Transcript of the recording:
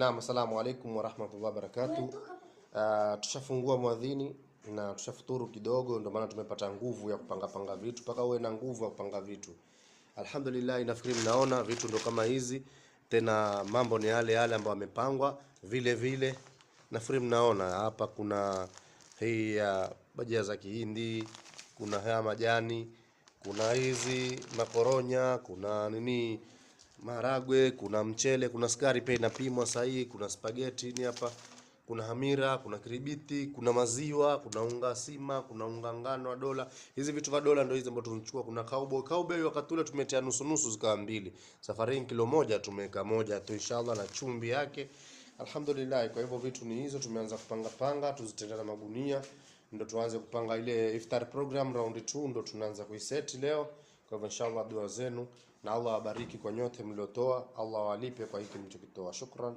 Naam, asalamu alaykum wa barakatuh. Uh, tushafungua mwadhini na tushafuturu kidogo, ndio maana tumepata nguvu ya kupanga panga vitu, paka uwe na nguvu ya kupanga vitu. Alhamdulillah, nafikiri mnaona vitu ndo kama hizi tena, mambo ni yale yale ambayo yamepangwa vile vile. Nafikiri mnaona hapa kuna hii ya bajia za Kihindi, kuna haya majani, kuna hizi makoronya, kuna nini maharagwe, kuna mchele, kuna sukari pia inapimwa sahihi, kuna spaghetti ni hapa, kuna hamira, kuna kiribiti, kuna maziwa, kuna unga sima, kuna unga ngano wa dola. Hizi vitu vya dola ndio hizi ambazo tunachukua. Kuna cowboy, cowboy wakati ule tumetia nusu nusu zikawa mbili. Safari hii kilo moja tumeweka moja tu inshallah na chumbi yake. Alhamdulillah, kwa hivyo vitu ni hizo, tumeanza kupanga panga, tuzitenda na magunia, ndio tuanze kupanga ile iftar program round 2 ndio tunaanza kuiseti leo. Kwa hivyo inshallah dua zenu, na Allah awabariki kwa nyote mliotoa, Allah awalipe kwa hiki mlichokitoa. Shukran.